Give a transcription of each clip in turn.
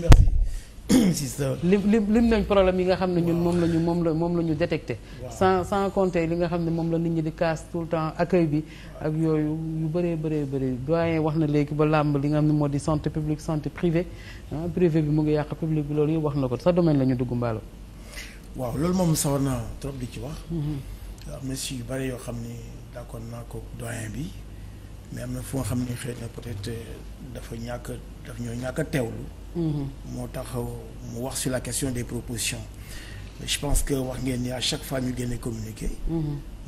merci. sister lim lim lim nañ problème yi nga xam ne ñun moom la ñu moom la moom la ñu détecté. sans sans compter li nga xam ne moom la nit ñi di casse tout le temps accueil bi ak yooyu yu bëree bëree bëri doyen wax na léegi ba làmb li nga xam ne moo di santé publique santé privée ah, privé bi mu ngi yàq public bi loolu yëpp wax na ko sa domaine la ñu dugg mbaalo. waaw loolu moom sawar naa trop di ci wax. Mhm. am yu bëri yoo xam ne d'accord naa ko doyen bi mais am na fu nga xam ne xëy na peut-être euh, dafa ñàkk daf ñoo ñàkk a moo tax mu wax sur la question des propositions je pense que wax ngeen ni à chaque fois ñu génne communiqué.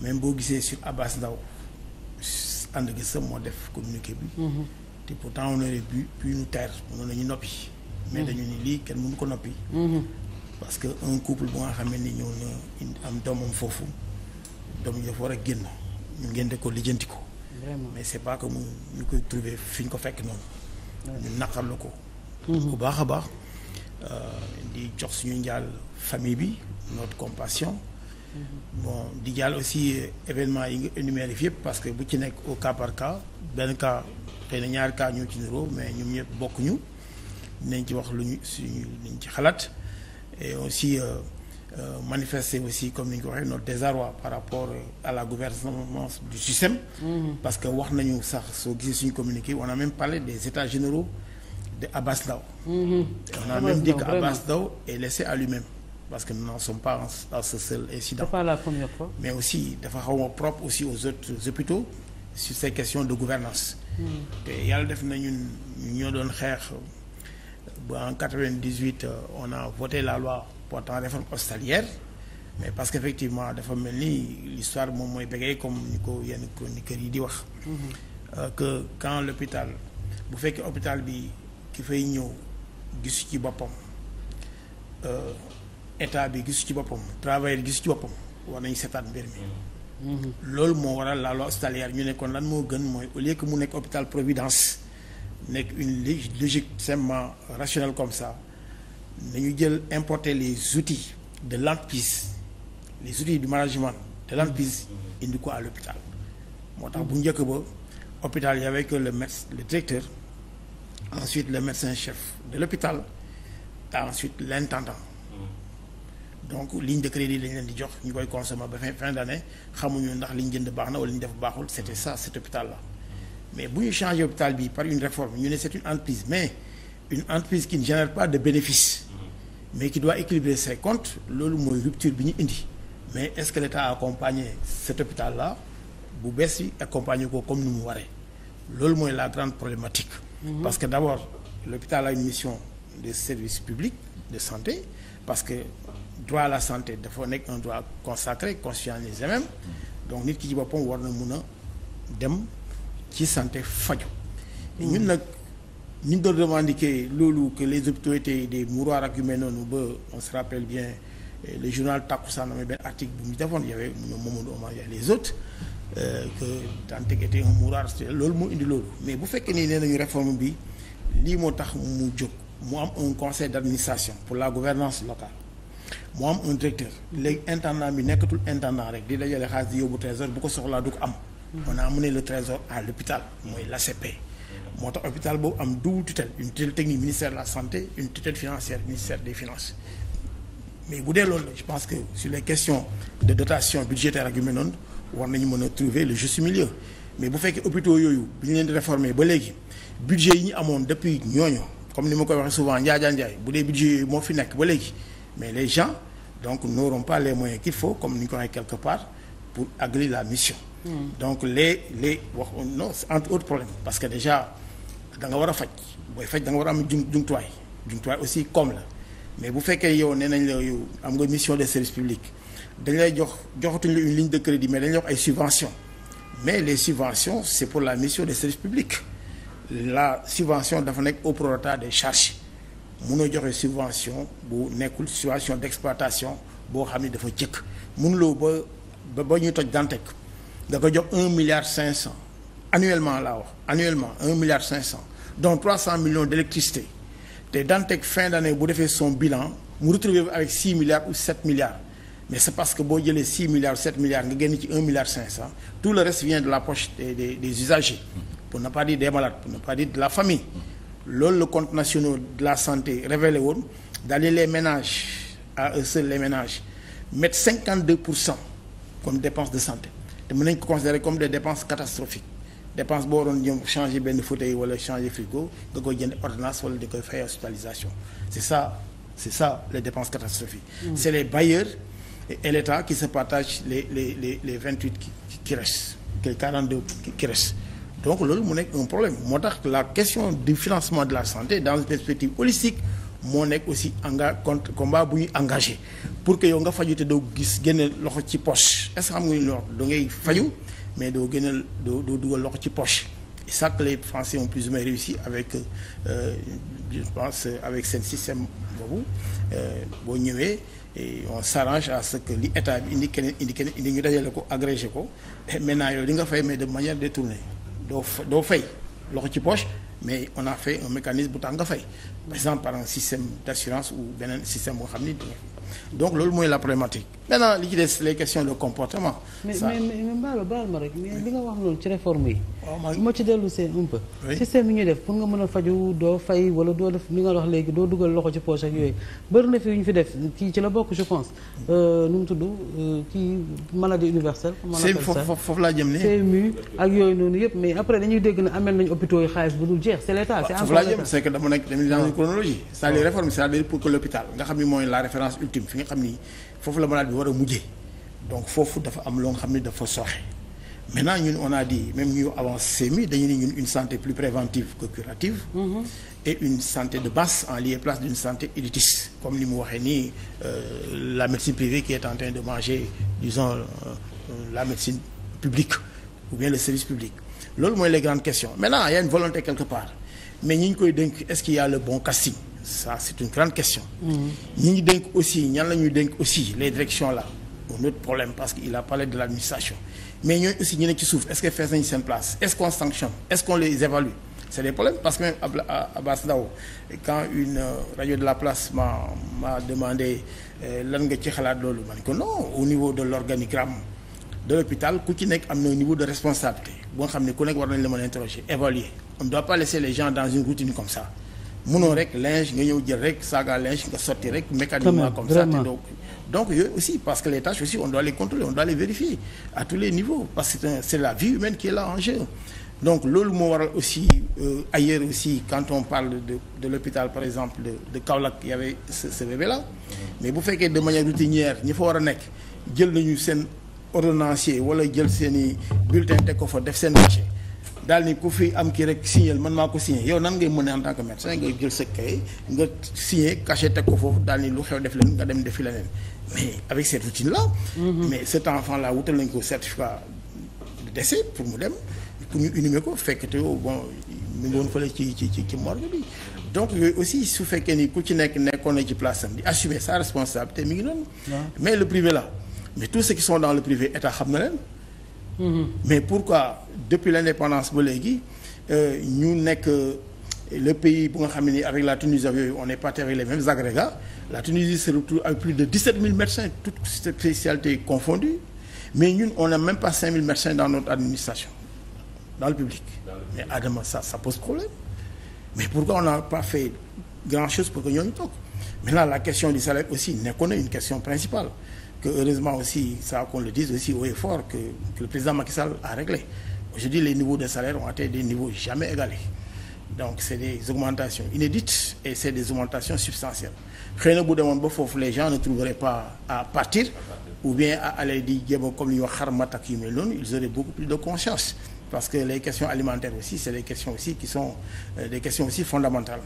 même boo gisee sur Abbas Ndao ànd gi sa moo def communiqué bi. te pourtant on aurait pu pu nous taire mënoon nañu noppi. mais dañu ni lii kenn mënu ko noppi. parce que un couple bu nga xamee ni ñëw na am doomam foofu doom dafa war a génn ñu ngeen de ko lijjanti ko. vraiment mais c'est pas que ñu koy trouver fi ñu ko fekk noonu. ñu naqarlu ko. Mm-hmm. bu baax a baax euh, di jox suñu njaal famille bi notre compassion mm-hmm. bon di jàll aussi événement yi nga énuméré yëpp parce que bu ci nekk au cas par cas benn cas xëy na ñaari cas ñoo ci niroo mais ñoom ñëpp bokkuñu dinañ ci wax lu ñu suñu luñ ci xalaat et aussi euh, euh, manifester aussi comme ni ñu waxee notre désarroi par rapport à la gouvernance du système. Mm-hmm. parce que wax nañu sax soo gisee suñu communiqué on a même parlé des états généraux. de Abbas Daw. Mm -hmm. On ah même dit que Abbas Daw est laissé à lui-même parce que nous n'en sommes pas à ce seul incident. mais aussi dafa xaw ma propre aussi aux autres aux hôpitaux sur ces questions de gouvernance mm. te yàlla def na ñun ñoo doon xeex ba en dix 98 euh, on a voté la loi portant réforme hospitalière mais parce que effectivement dafa mel ni l'histoire moom mooy bégay comme ni ko yenn chroniqueurs yi di wax mm-hmm. euh, que quand l'hôpital bu fekkee hôpital bi ki fay ñëw gisu ci boppam euh, état bi gisu ci boppam travailleur gisu ci boppam war nañ seetaat mbir mi. Mm-hmm. loolu moo waral la loi hospitalière ñu ne lan moo gën mooy au lieu que mu nekk hôpital Providence nekk une logique simplement rationnelle comme sax nañu jël importe les outils de l'entreprise les outils du management de l'entreprise mm-hmm. indi ko à l'hôpital moo tax mm-hmm. bu njëkk ba hôpital y avait le médecin le directeur. ensuite le médecin chef de l'hôpital ensuite l'intendant donc ligne de crédit lañ leen di jox ñu koy consommer ba fin fin d'année xamuñu ndax liñ jënd baax na wala liñ def baaxul c'était ça cet hôpital là mais bu ñu changé hôpital bi par une réforme ñu ne c'est une entreprise mais une entreprise qui ne génère pas de bénéfice mais qui doit équilibrer ses comptes loolu mooy rupture bi ñu indi mais est-ce que l'État a accompagné cet hôpital là bu bees yi accompagné ko comme ni mu waree loolu mooy la grande problématique Mmh. Parce que d'abord, l'hôpital a une mission de service public de santé, parce que droit à la santé dafa nekk un droit consacré les même donc nit ki ci boppam war na mun a dem ci santé fajo ñun mhm. nag ñu doon revendiquer loolu que les hôpitaux étaient des mouroirs ak yu mel noonu ba on se rappelle bien euh, le journal Takussan amee benn article bu ñu defoon y avait Mamadou Oumar et les autres que Dantec était un mourard loolu moo indi loolu mais bu fekkee nii nee nañu réforme bi lii moo tax mu jóg mu am un conseil d'administration pour la gouvernance locale mu am un directeur léegi intendant bi nekkatul intendant rek di dajale xaalis di yóbbu trésor bu ko soxlaa du ko am on a amené le trésor à l'hôpital mooy l'ACP moo tax hôpital boobu am double tutelle une tutelle technique ministère de la santé une tutelle financière ministère des finances mais bu dee loolu la je pense que les questions de dotation budgétaire ak yu mel noonu war nañu mën a trouver le juste milieu mais bu fekkee hôpitaux yooyu bu ñu leen di réformer ba léegi budget yi ñu amoon depuis ñooñu comme ni ma koy waxee souvent njaajaan njaay bu dee budget yooyu moo fi nekk ba léegi mais les gens donc noorom pas les moyens qu'il faut comme ni ñu ko waxee quelque part pour agir la mission. Hmm. donc les les wax non c'est entre autres problèmes parce que déjà da nga war a faj booy faj danga war a am jum jumtuwaay jumtuwaay aussi comme mais bu fekkee yow nee nañ la am nga mission de service public. dañ lay jox joxatuñ la une ligne de crédit mais dañ lay jox ay subventions mais les subventions c'est pour la mission des services publics la subvention dafa nekk au prorata des charges mënoo joxe subvention bu nekkul situation d'exploitation boo xam ne dafa jëkk mënuloo ba ba ñu toj Dantec nga ko jox un milliard cinq cent annuellement laa wax annuellement un milliard cinq cent dont trois cent millions d'électricité te Dantec fin d'année bu defee son bilan mu retrouver avec six milliards ou sept mais c'est parce que boo jëlee 6 milliards 7 milliards nga génn ci 1 milliard 500 tout le reste vient de la poche des usagers pour ne pas dire des malades pour ne pas dire de la famille loolu le compte national de la santé révélé woon d'aller les ménages à eux seuls les ménages mettre pour cent comme dépense de santé te mën nañ ko considérer comme des dépenses catastrophiques dépense boo waroon jëm changer benn fauteuil wala changer frigo nga koy jënd ordonnance wala di koy ça c'est ça les dépenses catastrophiques mm. c'est les et l'État qui se partage les les les les vingt huit qui qui restent les quarante deux qui donc loolu mu nekk un problème moo tax la question du financement de la santé dans une perspective holistique moo nekk aussi enga contre combat bu ñuy engagé pour que yow nga faju te doo gis génne loxo ci poche est-ce que xam nga lu da ngay faju mais doo génne doo doo dugal loxo ci poche. ça que les Français ont plus ou moins réussi avec euh, je pense avec seen système boobu euh, boo ñëwee on s'arrange à ce que li état bi indi keneen indi keneen indi ñu dajale ko agrégé ko maintenant yooyu li nga fay mais de manière détournée doo doo fay loxo ci poche mais on a fait un mécanisme bu tax nga fay par exemple par un système d'assurance ou beneen système boo xam ni donc loolu mooy la problématique maintenant li ci des les questions de comportement. ça mais mais Mballo baal ma rek mais li nga wax noonu ci réforme yi. moo ci dellu seen un peu. système yi ñuy def pour nga mën a faju doo fay wala doo def li nga wax léegi doo dugal loxo ci poche ak yooyu bëri na fi ñu fi def kii ci la bokk je pense euh, nu mu tudd euh, kii maladie universelle. maladie foofu laa jëm ne. l' état c' est. foofu laa jëm c' est dama nekk dama dans une chronologie. c' est à dire réforme c' est à dire pour que l' hôpital nga xam ni mooy la référence nga xam ni foofu la malade bi war a mujjee donc foofu dafa am loo xam ne dafa soxe maintenant ñun on a dit même ñu avancé mi dañu ne ñun une santé plus préventive que curative mm -hmm. et une santé de base en lie et place d'une santé élitiste comme ni mu waxee nii euh, la médecine privée qui est en train de manger disons euh, euh, la médecine publique ou bien le service public loolu mooy les grandes questions maintenant il y a une volonté quelque part mais ñi ñu koy dénk est-ce qu'il y ça c'est une grande question. Mm-hmm. ñi ñu dénk aussi ñan la ñuy dénk aussi les directions la un autre problème parce que a parlé de l'administration mais ñooñu aussi ñu ne ci suuf est-ce que fees nañu seen place est-ce qu'on sanctionne est-ce qu'on les évalue c'est des problèmes parce que même Abbas Ndao quand une euh, radio de la place m'a m'a demandé euh, lan nga ci xalaat loolu man ko au niveau de l'organigramme de l'hôpital ku ci nekk am na niveau de responsabilité bu nga xam ne ku nekk war nañ la mën a interroger évaluer munoo rek linge nga ñëw jël rek saaga linge nga sotti rek mécaniquement comme ça te donc donc yooyu aussi parce que les tâches aussi on doit les contrôler on doit les vérifier à tous les niveaux parce que c'est la vie humaine qui est là en jeu donc loolu moo waral aussi euh, ailleurs aussi quand on parle de de l'hôpital par exemple de de Kaolack y avait ce, bébé là mais bu fekkee de manière routinière ñi fa war a nekk jël nañu seen ordonnancier wala jël seen i bulletin teg ko fa def seen marché daal ni ku fi am kii rek signal man maa ko signé yow nan ngay mën a en tant que médecin ngay jël sa kay nga signé cachet teg ko foofu daal ni lu xew def leen nga dem defi leneen mais avec cette routine là. Mm-hmm. mais cet enfant là wutal nañ ko certificat de décès pour mu dem pour ñu inhumer ko fekk te bon mu ngi woon fële ci ci ci ci morgue bi. donc yooyu aussi su fekkee ni ku ci nekk nekkoon na ci place am di assumer sa responsabilité mi ngi noonu. mais le privé là mais tous ceux qui sont état xam na leen. mais pourquoi depuis l'indépendance ba léegi euh, ñu nekk euh, le pays bu nga xam ne ni avec la Tunisie yooyu on est parti avec les mêmes agrégats la Tunisie se retrouve avec plus de 17 000 médecins toutes spécialités confondues mais ñun on même pas 5 000 médecins dans notre administration dans le public mais Adama sa ça pose problème mais pourquoi on n'a pas fait grand chose pour que ñooñu toog maintenant la question du salaire aussi nekkoon na question principale que heureusement aussi, ça qu'on le dise aussi haut et fort, que, que, le président Macky Sall a réglé. Aujourd'hui, les niveaux de salaire ont atteint des niveaux jamais égalés. Donc, c'est des augmentations inédites et c'est des augmentations substantielles. Rien au bout d'un moment, les gens ne trouveraient pas à partir ou bien à aller dire comme ils auraient beaucoup plus de conscience parce que les questions alimentaires aussi, c'est des questions aussi qui sont euh, des questions aussi fondamentales.